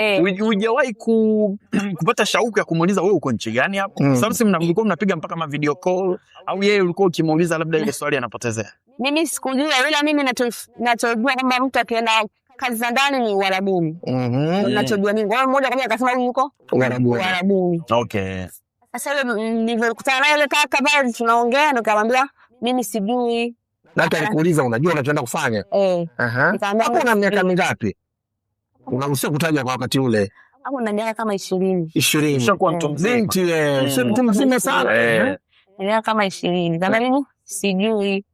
eh, hujawahi ku, kupata shauku ya kumuuliza wewe uko nchi gani hapo? mm. Sasa si mlikuwa mnapiga mpaka ma video call au yeye ulikuwa ukimuuliza labda ile swali anapotezea? Mimi sikujua, ila mimi nachojua kwamba mtu akienda kazi za ndani ni Uarabuni. Mm-hmm. Nachojua mimi kwao, mmoja kaja akasema huyu yuko Uarabuni. Okay, sasa ile nilikutana naye ile kaka pale, tunaongea nikamwambia mimi sijui, na hata nikuuliza, unajua unachoenda kufanya eh? Aha, hapo na miaka mm. mingapi? unaruhusiwa kutaja kwa wakati ule hapo na miaka kama ishirini ishirini shakuwa mtu eh. binti mm. mtu mzima sana eh. Eh. miaka kama ishirini sijui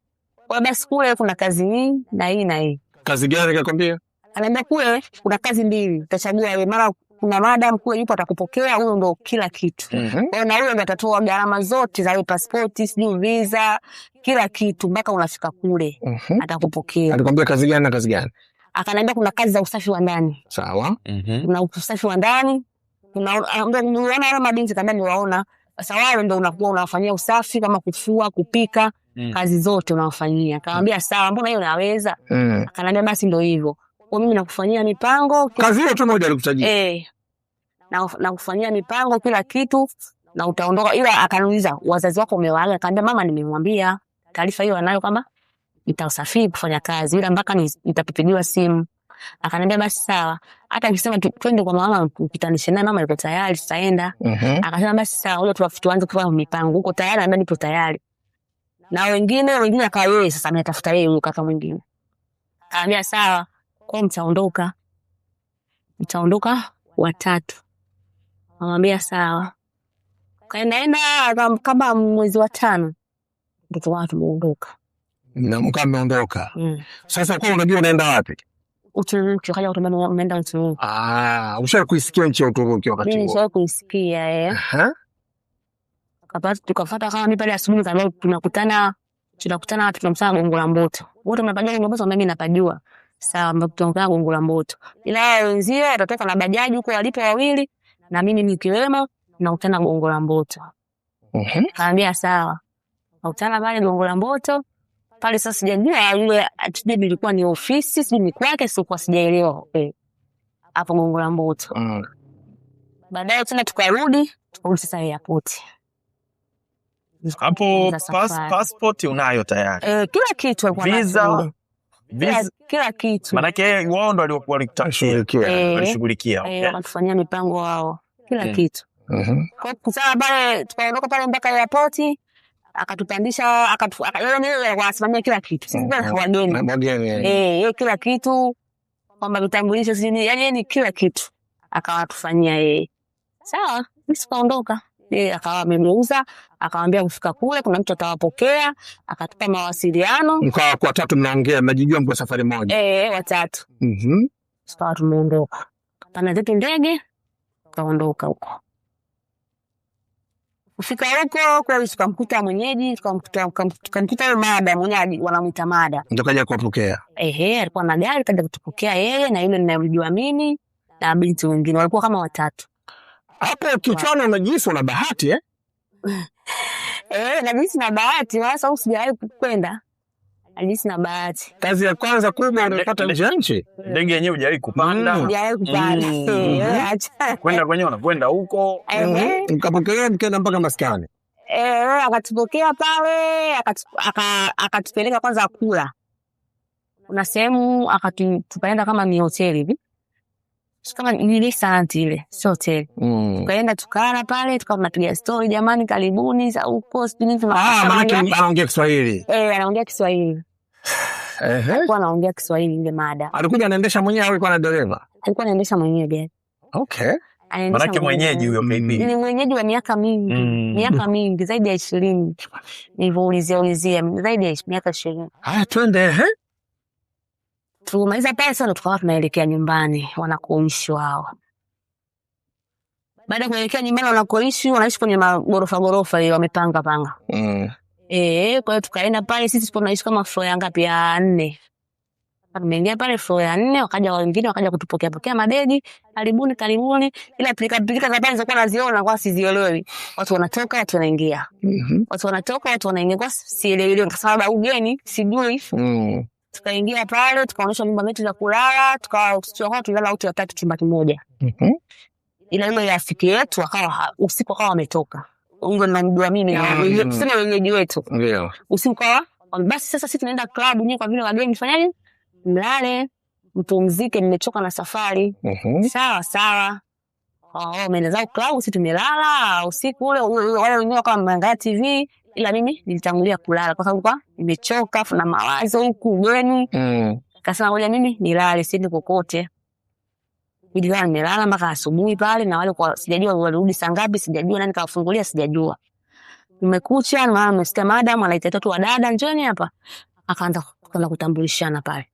kwa basi kule kuna kazi hii na hii na hii kazi gani kakwambia kule kuna kazi mbili utachagua mara kuna madam kule yupo atakupokea huyo ndo kila kitu mhm. kwa na huyo ndo atatoa gharama zote za pasipoti sijui visa kila kitu mpaka unafika kule mhm. atakupokea alikwambia kazi gani na kazi gani akaniambia kuna kazi za usafi wa ndani. Sawa. Mm-hmm. Kuna usafi wa ndani, niwaona wale mabinti kama niwaona sawa, ndo unakuwa unawafanyia usafi kama kufua, kupika mm. kazi zote unawafanyia. Kaambia sawa, mbona hiyo naweza mm. Akaniambia basi ndo hivyo kwa mimi nakufanyia mipango kazi hiyo tu moja alikutajia eh, na nakufanyia mipango kila kitu na utaondoka, ila akaniuliza wazazi wako umewaaga? Akaambia mama, nimemwambia taarifa hiyo anayo kama nitasafiri kufanya kazi, ila mpaka nitapigiwa simu. Akaniambia basi sawa, hata akisema twende kwa mama, ukitanishe naye mama yuko tayari, tutaenda. Mhm. Akasema basi sawa, huyo tuanze kufanya mipango huko, tayari anda, nipo tayari na wengine wengine, akawa yeye sasa anatafuta yeye huyo kaka mwingine. Akaambia sawa, kwa mtaondoka, mtaondoka watatu. Amwambia sawa, kaendaenda kama mwezi wa tano, mtoto wao tumeondoka Mnaamka mnaondoka. Mm. Sasa kwa unajua unaenda wapi? Uturuki, kaja Ottoman unaenda Uturuki. Ah, usha kuisikia nchi ya Uturuki wakati huo? Mimi nishawahi kuisikia eh. Aha. Kapata tukafata kama mipale pale asubuhi kama tunakutana tunakutana watu tunamsaa Gongo la Mboto. Wote mnapajua Gongo la Mboto, mimi napajua. Sawa, mtakutana Gongo la Mboto. Ila wenzio atatoka na bajaji huko walipo wawili na mimi nikiwemo nakutana Gongo la Mboto. Mhm. Kaambia sawa. Nakutana pale Gongo la Mboto pale. Sasa sijajua yule atije nilikuwa ni ofisi sijui ni kwake, sikuwa sijaelewa e, hapo eh, Gongo la Mboto. Mm. Baadaye tena tukarudi, tukarudi sasa airport. Hapo passport unayo tayari? Eh, kila kitu alikuwa visa Biz... kila kitu maanake wao ndo walishughulikia e. wakatufanyia e, mipango wao kila mm. kitu. Mm-hmm. Kwa sababu pale tukaondoka pale mpaka airport akatupandisha akasimamia kila kitu mm-hmm. eh, kila kitu kwamba vitambulisho sijui, yani ni kila kitu akawatufanyia yeye. Sawa, sikaondoka yeye akawa ameniuza, akawambia kufika kule kuna mtu atawapokea, akatupa mawasiliano. watatu mnaongea, mnajijua, mko safari moja e, watatu. mm -hmm. sikawa tumeondoka, kapanda zetu ndege, tukaondoka huko. Kufika huko kweli, tukamkuta mwenyeji, tukamkuta huyo mada mwenyeji, wanamwita mada, ndo kaja kuwapokea. Ehe, alikuwa na gari, kaja kutupokea yeye na yule ninamjua mimi na binti wengine, walikuwa kama watatu. Hapo kichwani unajisi una bahati eh? E, eh, najisi na bahati, maana sababu sijawahi kwenda najisi na bahati. Kazi ya kwanza kubwa unapata nje ya nchi, ndege yenyewe hujawahi kupanda, hujawahi kupanda mm. eh nikaacha kwenda kwenyewe, unakwenda huko mkapokea, mhm. mkaenda mpaka maskani. Akatupokea pale, akatupeleka kwanza kula, kuna sehemu tukaenda kama ni hoteli hivi kama ni restaurant ile, sio hoteli. Mm. Tukaenda tukala pale, tukawa tunapiga stori, jamani, karibuni za huko sijui nini. Ah, maana anaongea Kiswahili. Eh, anaongea Kiswahili. Ehe. Alikuwa anaongea Kiswahili ile mada. Alikuja anaendesha mwenyewe au alikuwa na dereva? Alikuwa anaendesha mwenyewe gari. Okay. Manake mwenyeji huyo mm. Ni mwenyeji wa miaka mingi mm. miaka mingi zaidi ya ishirini nilivyoulizia ulizia zaidi ya miaka ishirini. Haya, twende eh? tumaliza pesa ndo tukawa tunaelekea nyumbani wanakoishi wao. Baada ya kuelekea nyumbani wanakoishi, wanaishi kwenye magorofa gorofa, hiyo wamepanga panga mm. E, kwa hiyo tukaenda pale, sisi tunaishi kama flo ya ngapi ya nne Tumeingia pale floor ya nne, wakaja wengine wakaja kutupokea pokea mabegi, karibuni karibuni, ila pilika pilika za pale zilikuwa naziona kwa sizielewi. Watu wanatoka watu wanaingia, mhm. watu wanatoka watu wanaingia, kwa sielewi ile, kwa sababu ugeni sijui. Mm. Tukaingia pale tukaonyesha nyumba yetu za kulala, tukawa tukawa tulala watu watatu chumba kimoja, mhm. ila ile rafiki yetu akawa usiku akawa ametoka ungo na mdua mimi na tuseme mm. wenyeji wetu usiku kawa basi, sasa sisi tunaenda klabu nyewe kwa vile wageni fanyaje mlale mpumzike, nimechoka na safari. Mhm. sawa sawa oh, umeenda zao klabu, si tumelala usiku ule, wale wengine wakawa wameangalia TV, ila mimi nilitangulia kulala kwa sababu kwa nimechoka na mawazo huku ugeni. mm. Kasema ngoja mimi nilale, siendi kokote. Nilikuwa nimelala mpaka asubuhi pale, na wale kwa sijajua walirudi saa ngapi, sijajua nani kawafungulia, sijajua. Umekucha, mama msikia madam anaita watoto wa dada, njoni hapa. Akaanza kutambulishana pale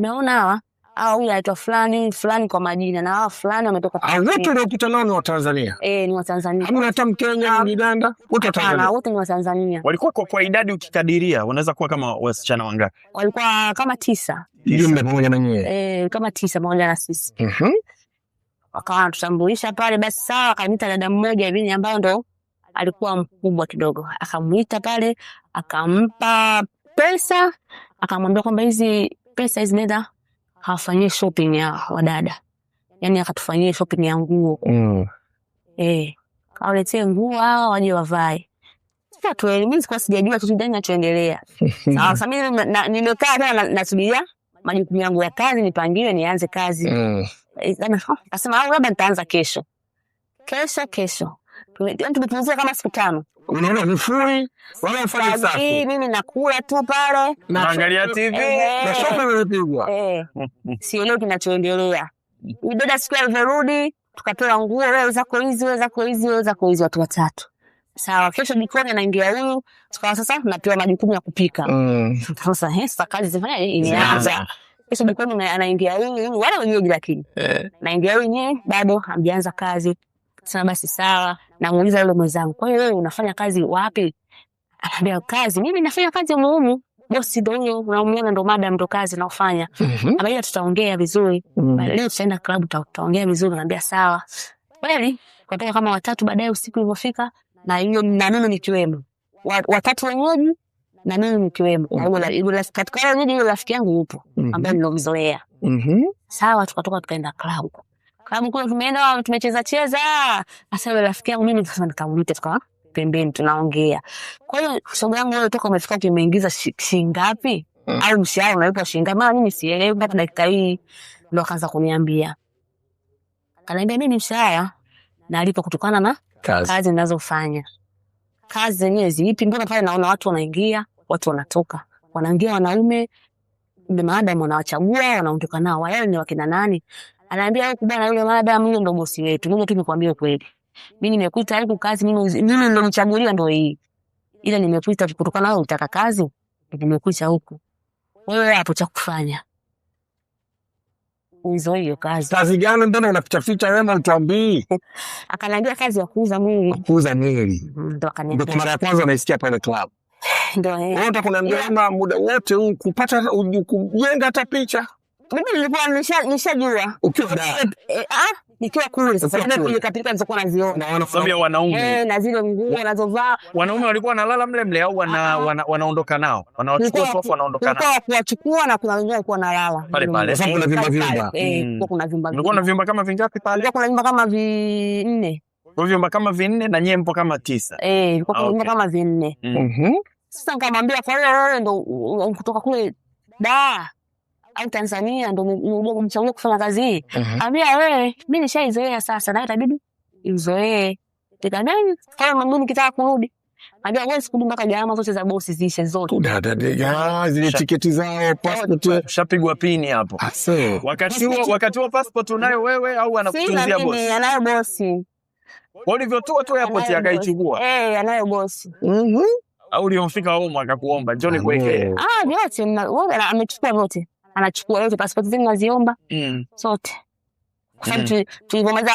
umeona hawa au huyu anaitwa fulani fulani kwa majina na hawa fulani wametoka. Ah, wote uliopita nao eh, ni Watanzania e, ni Watanzania, hamna hata Mkenya, Mganda, ah. wote ni Watanzania. Walikuwa kwa, kwa idadi ukikadiria, wanaweza kuwa kama wasichana wangapi? Walikuwa kama tisa, jumbe pamoja na nyewe e, eh, kama tisa pamoja na sisi mm -hmm. Wakawa wanatutambulisha pale, basi sawa. wakamita dada mmoja hivi ambayo ndo alikuwa mkubwa kidogo, akamwita pale, akampa pesa, akamwambia kwamba hizi pesa hizi nenda hawafanyie shopping ya wadada, yani akatufanyie shopping ya nguo mm. Eh, awaletee nguo hawa waje wavae kwa sijajua kitu gani nachoendelea. Sasa mimi nimekaa tena nasubiria majukumu yangu ya kazi nipangiwe nianze kazi. Mm. Eh, Akasema au ah, labda nitaanza kesho. Kesho kesho yaani kama siku tano. Unaona vifui Mimi nakula tu pale, naangalia eh, TV eh. na shopping imepigwa. Eh, sielewi kinachoendelea. dada siku alivyorudi tukapewa nguo, watu watatu. Sawa, kesho jikoni anaingia huyu, tukawa sasa napewa majukumu ya kupika. Mm. Sasa eh, sasa kazi zifanya imeanza. Kesho jikoni anaingia huyu, wala Naingia huyu bado kazi. basi sawa namuuliza yule mwenzangu, kwa hiyo wewe unafanya kazi wapi? Anaambia kazi, mimi nafanya kazi humu bosi ndo huyo unamuona, ndo madam, ndo kazi naofanya. mm -hmm. tutaongea vizuri mm -hmm. Leo tutaenda klabu, tutaongea vizuri. Naambia sawa. Kweli kwataka kama watatu baadaye usiku ulivyofika, na hiyo na nono nikiwemo, watatu wenyeji na nini nikiwemo, katika hiyo rafiki yangu yupo ambaye mhm. nilimzoea. Mhm. Sawa, tukatoka tukaenda klabu amkua tumeenda tumecheza cheza, asema rafiki yangu mimi, kasema nikamuite, tukawa pembeni tunaongea. Kwa hiyo shoga yangu wewe, toka umefika Umeingiza shilingi ngapi? Mm. au mshahara unalipwa shilingi maana mimi sielewi mpaka dakika hii ndo akaanza kuniambia, kanaambia mimi mshahara nalipa kutokana na kazi ninazofanya. Kazi zenyewe zipi? mbona pale naona watu wanaingia, watu wanatoka, wanaingia wanaume maadamu wanawachagua wanaondoka nao, wayale ni wakina nani? Anaambia huku bwana, yule madam huyo ndo bosi wetu. Ngoja tu nikwambie kweli, mimi nimekuita huku kazi, mimi ndo mchaguliwa, ndo hii ila nimekuita kutokana na utaka kazi, nimekuita huku. Wewe hapo cha kufanya uzo hiyo kazi. Kazi gani tena unafichaficha wewe na utambii? Akanambia kazi ya kuuza mwili. Kuuza mwili. Mm, ndo akaniambia. Ndo mara ya kwanza naisikia pale club. Ndo eh. Wewe utakunaambia muda wote huu kupata kujenga hata picha mimi nilikuwa nishajua eh, eh, ah, wanaume eh, na zile nguo wanazovaa wanaume walikuwa wanalala mle mle au ah. wanaondoka nao wanaondoka nao na kuna wengine walikuwa wanalala kuna hmm. vyumba kama vingapi pale kuna vyumba kama vinne kwa vyumba kama vinne na nyie mpo kama tisa eh ah, vyumba kama vinne hmm. mhm. sasa nikamwambia kwa hiyo wewe ndo kutoka kule da au Tanzania ndo mchague kufanya kazi hii, mhm. ambia wewe, mi nishaizoea sasa, na itabidi izoee. tikanani. Kwa hiyo mimi nikitaka kurudi Ambia wewe sikudu mpaka gharama zote za bosi ziishe zote. Zile tiketi zao passport shapigwa pini hapo. Ah, wakati huo wakati huo passport unayo wewe au anakutunzia bosi? Anayo bosi. Kwa ulivyotua tu tu airport akaichukua. Eh, anayo bosi. Mhm. Au uliomfika home akakuomba njoni nikuwekee. Ah, vyote mna wewe amechukua vyote anachukua yote pasipoti zenu naziomba mm. sote kwa sababu mm. tulivyomaliza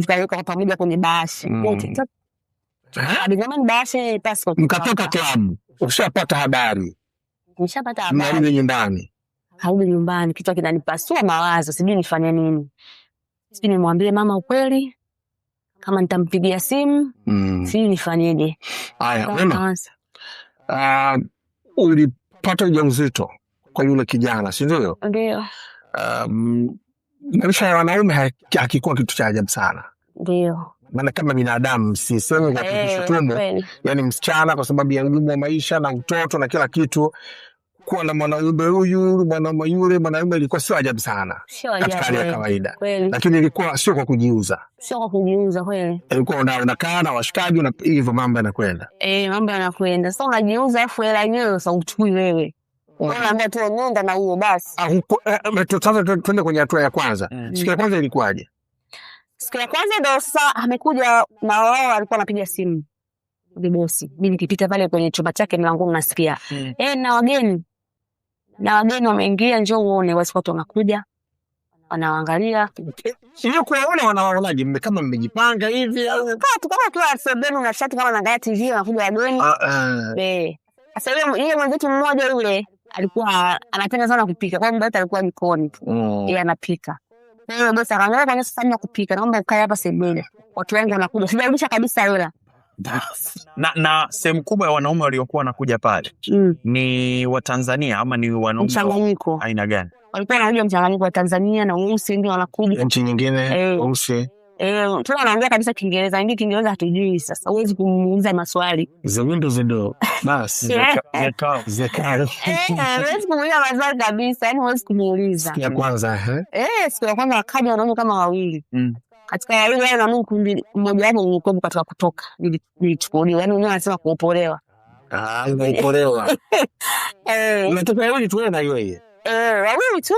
tukaweka pamoja kwenye bahasha wote mm. eh? eh, passport. Mkatoka klabu, ushapata habari? Nishapata habari. nyumbani? Karudi nyumbani, kichwa kinanipasua mawazo, sijui nifanye nini, sijui nimwambie mama ukweli kama nitampigia simu mm. sijui nifanyeje. aya Wema, uh, ah, ulipata ujauzito kwa yule kijana, si ndio? Ndio. Um, maisha ya wanaume hakikuwa kitu cha ajabu sana. Ndio maana kama binadamu sisemi katushutumu hey, yani msichana kwa sababu ya ugumu wa maisha na utoto na kila kitu, kuwa na mwanaume huyu mwanaume yule mwanaume ilikuwa sio ajabu sana katika hali ya eh, kawaida, lakini ilikuwa sio kwa kujiuza, sio kwa kujiuza kweli. Ilikuwa unakaa na washikaji hivyo, mambo yanakwenda eh, mambo yanakwenda. Sasa unajiuza afu hela yenyewe sasa wewe nenda na hiyo basi. Eh, eh, eh, sasa tuende kwenye hatua ya kwanza. Mm. Siku ya kwanza ilikuwaje? Siku ya kwanza ndo amekuja na wao, alikuwa anapiga simu Mi nikipita pale kwenye chumba chake mlangoni nasikia mm. eh, na wageni na wageni wameingia, uone. Wasi watu wanakuja Mme kama mmejipanga hivi au kama tu kama naangalia TV wageni. Ah, ah. Sasa yule mwenzetu mmoja yule alikuwa anapenda sana kupika, kwa hiyo alikuwa jikoni mm. yeye anapika hiyo bosi akaangalia kama sasa ni kupika, naomba ukae hapa sebule, watu wengi wanakuja, sijarudisha kabisa hela na, na sehemu kubwa ya wanaume waliokuwa wanakuja pale mm. ni Watanzania ama ni wanaume mchanganyiko aina gani? Walikuwa wanakuja mchanganyiko wa Tanzania na weusi, ndio wanakuja nchi nyingine weusi eh mtoto eh, anaongea kabisa Kiingereza, ndio Kiingereza hatujui. Sasa huwezi kumuuliza maswali, eh, huwezi kumuuliza maswali kabisa, yani huwezi kumuuliza. Eh? Siku ya kwanza wakaja wanaume kama wawili mm. katika kundi, mmoja wapo mwokovu katika kutoka, nilichukuliwa, yani wenyewe wanasema kuopolewa. Ah, umeopolewa wawili tu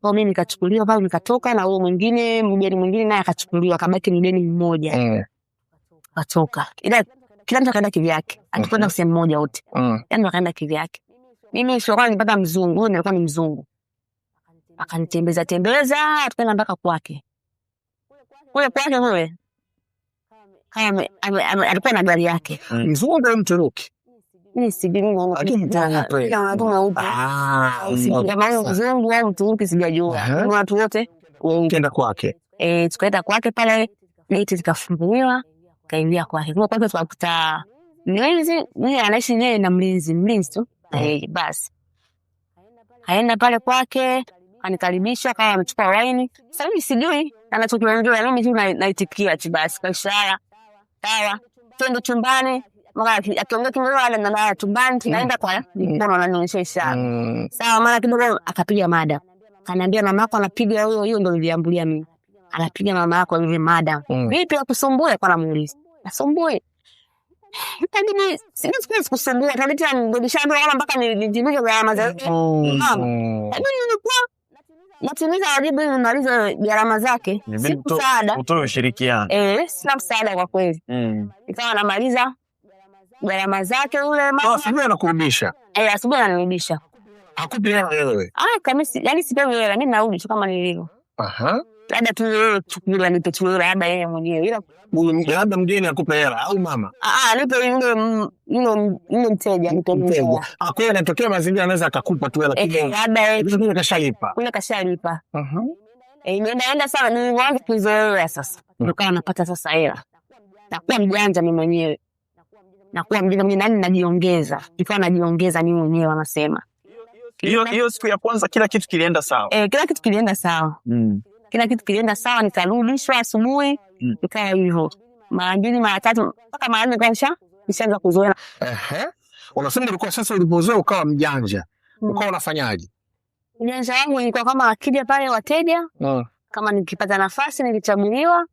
kwa mimi nikachukuliwa pale nikatoka, na huyo mwingine mgeni mwingine naye akachukuliwa, akabaki mgeni mmoja mm. Katoka ila kila mtu akaenda kivyake, akikwenda mm -hmm. sehemu moja wote mm. Yani wakaenda kivyake. Mimi sio nipata mzungu, huyo nilikuwa ni mzungu, akanitembeza tembeza, tukaenda mpaka kwake kule kwake, huyo kama alikuwa na gari yake mm. mzungu mturuki tukaenda kwake pale, geti zikafunguliwa, kaingia kwake kwake, tukakuta mlinzi anaishi yeye na mlinzi mlinzi tu basi. kaenda pale kwake, anikaribisha kaa, amechukua laini. Sasa mimi sijui anachokiongea, mimi tu naitikia tu basi, kaishara sawa, twende chumbani akiongea Kingereza wale nana chumbani, tunaenda kwa mkono ananionyesha Sawa, mara kidogo akapiga mada, kanaambia mama yako anapiga huyo huyo, ndo niliambulia mimi, anapiga mama yako hivi mada vipi, akusumbue kwa, namuuliza nasumbue itabidi siwezi kusumbua, itabidi nirudishane hela mpaka nitimize gharama za nilikuwa natimiza wajibu hivi nimalize gharama zake, si msaada, utoe ushirikiano. Eh, sina msaada kwa kweli, nikawa namaliza gharama zake ule Asubuhi oh, anakurudisha. e, eh, asubuhi ananirudisha. akupi hela wewe. Ah, kama yani sipewi hela, mi narudi tu kama nilivyo. Aha. Labda tu wewe chukula nipe tu labda yeye mwenyewe. Ila labda mgeni akupe hela au mama. Ah, ah nipe yule yule yule mteja nipe mteja. Ah, kwa hiyo inatokea mazingira anaweza akakupa tu hela eh, kidogo. labda yeye kashalipa. Yule kashalipa. Aha. Eh, inaenda sana ni wangu kuzoea sasa. Ndio mm. kana napata sasa hela. Nakuwa mjanja mimi mwenyewe na kuwa mgeni mjinga nani najiongeza, ikawa najiongeza mimi mwenyewe wanasema. Hiyo hiyo siku ya kwanza kila kitu kilienda sawa. Eh, kila kitu kilienda sawa. Mm. Kila kitu kilienda sawa, nikarudishwa asubuhi, mm. ikawa hivyo. Mara mbili, mara tatu mpaka mara nne kaisha nishaanza kuzoea. Ehe. Unasema ulikuwa sasa ulipozoea ukawa mjanja. Mm. Ukawa unafanyaje? Mjanja wangu ilikuwa kama akija pale wateja. Mm. Kama nikipata nafasi nilichaguliwa,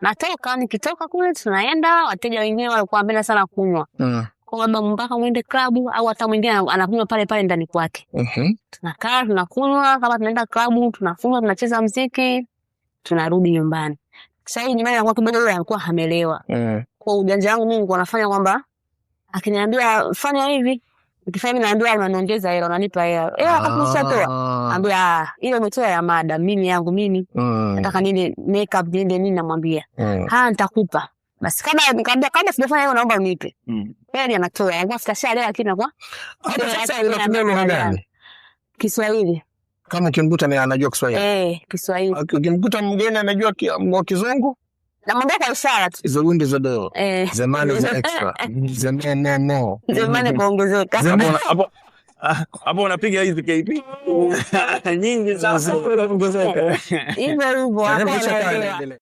natoka, nikitoka kule tunaenda, wateja wengine walikuwa wanapenda sana kunywa mm. kwa labda mpaka mwende klabu au hata mwingine anakunywa pale pale ndani kwake mm -hmm. tunakaa tunakunywa, kama tunaenda klabu tunafunga, tunacheza mziki, tunarudi nyumbani. Sasa hii nyumbani anakuwa kidogo anakuwa hamelewa mm. kwa ujanja wangu Mungu anafanya kwamba akiniambia fanya hivi Nikifanya mimi unaniongeza hela, unanipa hela. Hela eh, ah. ah, ile umetoa ya mimi yangu mimi. Mm. Nataka nini makeup niende nini namwambia. Mm. nitakupa. Basi kama nikamwambia kama sijafanya hiyo naomba unipe. Mm. Yaani anatoa. Yangu lakini kwa. Ah, Kiswahili. Kama ukimkuta anajua Kiswahili. Eh, Kiswahili. Ukimkuta mgeni anajua Kizungu? namwambia kwa ishara tu, hizo gundi za dola eh. zamani za extra zamani zamani kuongezeka hapo hapo unapiga hizi KP nyingi sana hivyo hivyo